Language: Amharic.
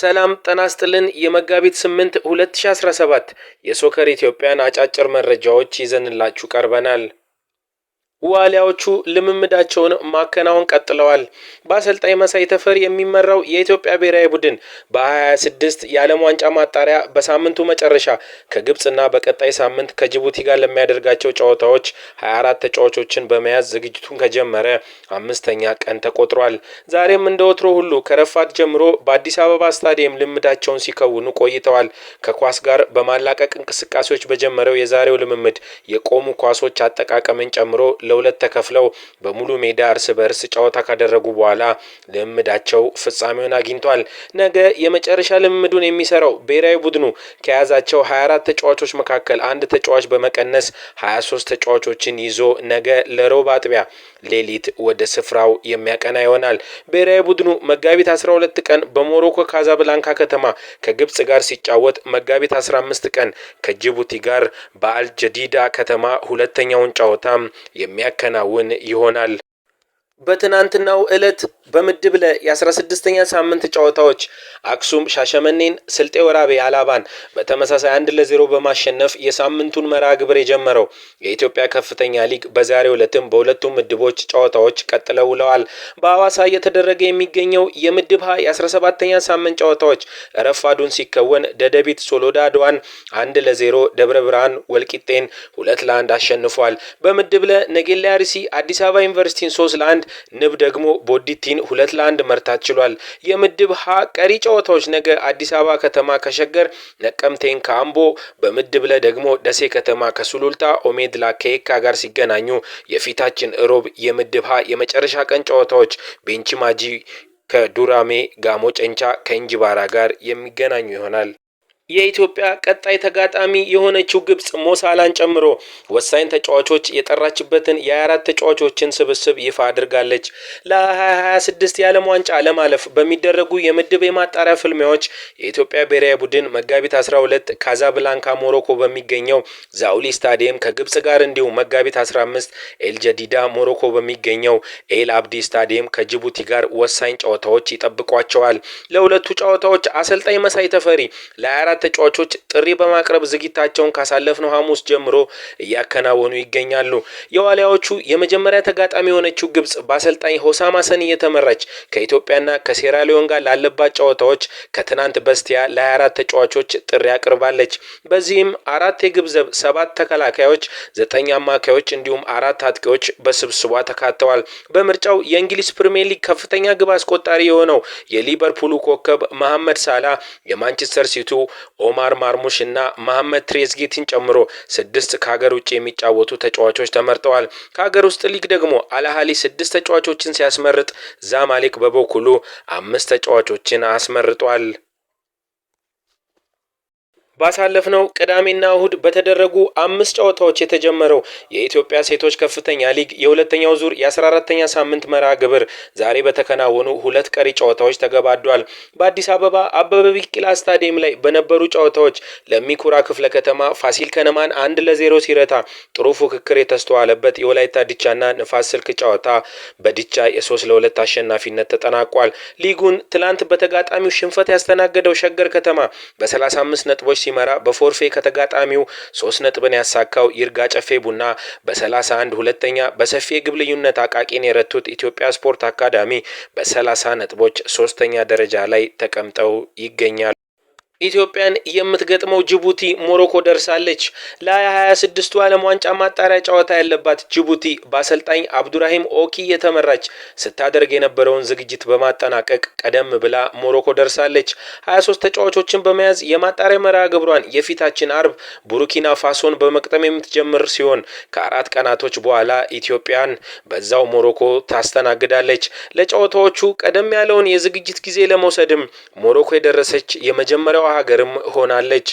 ሰላም ጤና ይስጥልን። የመጋቢት 8 2017 የሶከር ኢትዮጵያን አጫጭር መረጃዎች ይዘንላችሁ ቀርበናል። ዋሊያዎቹ ልምምዳቸውን ማከናወን ቀጥለዋል። በአሰልጣኝ መሳይ ተፈሪ የሚመራው የኢትዮጵያ ብሔራዊ ቡድን በ26 የዓለም ዋንጫ ማጣሪያ በሳምንቱ መጨረሻ ከግብፅና በቀጣይ ሳምንት ከጅቡቲ ጋር ለሚያደርጋቸው ጨዋታዎች 24 ተጫዋቾችን በመያዝ ዝግጅቱን ከጀመረ አምስተኛ ቀን ተቆጥሯል። ዛሬም እንደ ወትሮ ሁሉ ከረፋት ጀምሮ በአዲስ አበባ ስታዲየም ልምዳቸውን ሲከውኑ ቆይተዋል። ከኳስ ጋር በማላቀቅ እንቅስቃሴዎች በጀመረው የዛሬው ልምምድ የቆሙ ኳሶች አጠቃቀምን ጨምሮ ለ ለሁለት ተከፍለው በሙሉ ሜዳ እርስ በእርስ ጨዋታ ካደረጉ በኋላ ልምዳቸው ፍጻሜውን አግኝቷል። ነገ የመጨረሻ ልምዱን የሚሰራው ብሔራዊ ቡድኑ ከያዛቸው 24 ተጫዋቾች መካከል አንድ ተጫዋች በመቀነስ 23 ተጫዋቾችን ይዞ ነገ ለሮብ አጥቢያ ሌሊት ወደ ስፍራው የሚያቀና ይሆናል። ብሔራዊ ቡድኑ መጋቢት 12 ቀን በሞሮኮ ካዛብላንካ ከተማ ከግብጽ ጋር ሲጫወት መጋቢት 15 ቀን ከጅቡቲ ጋር በአልጀዲዳ ከተማ ሁለተኛውን ጨዋታ የሚ የሚያከናውን ይሆናል። በትናንትናው ዕለት በምድብ ለ የ16ኛ ሳምንት ጨዋታዎች አክሱም ሻሸመኔን፣ ስልጤ ወራቤ አላባን በተመሳሳይ አንድ ለዜሮ በማሸነፍ የሳምንቱን መርሃ ግብር የጀመረው የኢትዮጵያ ከፍተኛ ሊግ በዛሬው ዕለትም በሁለቱም ምድቦች ጨዋታዎች ቀጥለው ውለዋል። በሐዋሳ እየተደረገ የሚገኘው የምድብ ሀ የ17ኛ ሳምንት ጨዋታዎች ረፋዱን ሲከወን ደደቢት ሶሎዳ አድዋን አንድ ለዜሮ፣ ደብረ ብርሃን ወልቂጤን ሁለት ለአንድ አሸንፏል። በምድብ ለ ነጌላ አርሲ አዲስ አበባ ዩኒቨርሲቲን ሶስት ለአንድ ንብ ደግሞ ቦዲቲን ሁለት ለአንድ መርታት ችሏል። የምድብ ሀ ቀሪ ጨዋታዎች ነገ አዲስ አበባ ከተማ ከሸገር ነቀምቴን ከአምቦ፣ በምድብ ለ ደግሞ ደሴ ከተማ ከሱሉልታ ኦሜድላ ከየካ ጋር ሲገናኙ የፊታችን እሮብ የምድብ ሀ የመጨረሻ ቀን ጨዋታዎች ቤንች ማጂ ከዱራሜ ጋሞ ጨንቻ ከእንጅባራ ጋር የሚገናኙ ይሆናል። የኢትዮጵያ ቀጣይ ተጋጣሚ የሆነችው ግብጽ ሞሳላን ጨምሮ ወሳኝ ተጫዋቾች የጠራችበትን የአራት ተጫዋቾችን ስብስብ ይፋ አድርጋለች። ለ2026 የዓለም ዋንጫ ለማለፍ በሚደረጉ የምድብ የማጣሪያ ፍልሚያዎች የኢትዮጵያ ብሔራዊ ቡድን መጋቢት 12 ካዛብላንካ ሞሮኮ በሚገኘው ዛውሊ ስታዲየም ከግብጽ ጋር እንዲሁም መጋቢት 15 ኤልጀዲዳ ሞሮኮ በሚገኘው ኤል አብዲ ስታዲየም ከጅቡቲ ጋር ወሳኝ ጨዋታዎች ይጠብቋቸዋል። ለሁለቱ ጨዋታዎች አሰልጣኝ መሳይ ተፈሪ ለ አራት ተጫዋቾች ጥሪ በማቅረብ ዝግጅታቸውን ካሳለፍነው ሐሙስ ጀምሮ እያከናወኑ ይገኛሉ። የዋልያዎቹ የመጀመሪያ ተጋጣሚ የሆነችው ግብጽ በአሰልጣኝ ሆሳማ ሰን እየተመራች ከኢትዮጵያና ከሴራሊዮን ጋር ላለባት ጨዋታዎች ከትናንት በስቲያ ለ24 ተጫዋቾች ጥሪ አቅርባለች። በዚህም አራት የግብዘብ ሰባት ተከላካዮች፣ ዘጠኝ አማካዮች እንዲሁም አራት አጥቂዎች በስብስቧ ተካተዋል። በምርጫው የእንግሊዝ ፕሪምየር ሊግ ከፍተኛ ግብ አስቆጣሪ የሆነው የሊቨርፑሉ ኮከብ መሐመድ ሳላ የማንቸስተር ሲቲው ኦማር ማርሙሽ እና መሐመድ ትሬዝጌቲን ጨምሮ ስድስት ከሀገር ውጭ የሚጫወቱ ተጫዋቾች ተመርጠዋል። ከሀገር ውስጥ ሊግ ደግሞ አልአህሊ ስድስት ተጫዋቾችን ሲያስመርጥ ዛማሌክ በበኩሉ አምስት ተጫዋቾችን አስመርጧል። ባሳለፍነው ቅዳሜና እሁድ በተደረጉ አምስት ጨዋታዎች የተጀመረው የኢትዮጵያ ሴቶች ከፍተኛ ሊግ የሁለተኛው ዙር የ14ተኛ ሳምንት መርሃ ግብር ዛሬ በተከናወኑ ሁለት ቀሪ ጨዋታዎች ተገባዷል። በአዲስ አበባ አበበ ቢቂላ ስታዲየም ላይ በነበሩ ጨዋታዎች ለሚኩራ ክፍለ ከተማ ፋሲል ከነማን አንድ ለዜሮ ሲረታ ጥሩ ፉክክር የተስተዋለበት የወላይታ ድቻና ንፋስ ስልክ ጨዋታ በድቻ የሶስት ለሁለት አሸናፊነት ተጠናቋል። ሊጉን ትላንት በተጋጣሚው ሽንፈት ያስተናገደው ሸገር ከተማ በ35 ነጥቦች ሲመራ በፎርፌ ከተጋጣሚው ሶስት ነጥብን ያሳካው ይርጋ ጨፌ ቡና በ31 ሁለተኛ፣ በሰፊ የግብ ልዩነት አቃቂን የረቱት ኢትዮጵያ ስፖርት አካዳሚ በ30 ነጥቦች ሶስተኛ ደረጃ ላይ ተቀምጠው ይገኛሉ። ኢትዮጵያን የምትገጥመው ጅቡቲ ሞሮኮ ደርሳለች። 2026 ስድስቱ ዓለም ዋንጫ ማጣሪያ ጨዋታ ያለባት ጅቡቲ በአሰልጣኝ አብዱራሂም ኦኪ የተመራች ስታደርግ የነበረውን ዝግጅት በማጠናቀቅ ቀደም ብላ ሞሮኮ ደርሳለች። 23 ተጫዋቾችን በመያዝ የማጣሪያ መርሃ ግብሯን የፊታችን አርብ ቡርኪና ፋሶን በመቅጠም የምትጀምር ሲሆን ከአራት ቀናቶች በኋላ ኢትዮጵያን በዛው ሞሮኮ ታስተናግዳለች። ለጨዋታዎቹ ቀደም ያለውን የዝግጅት ጊዜ ለመውሰድም ሞሮኮ የደረሰች የመጀመሪያው ሀገርም ሆናለች።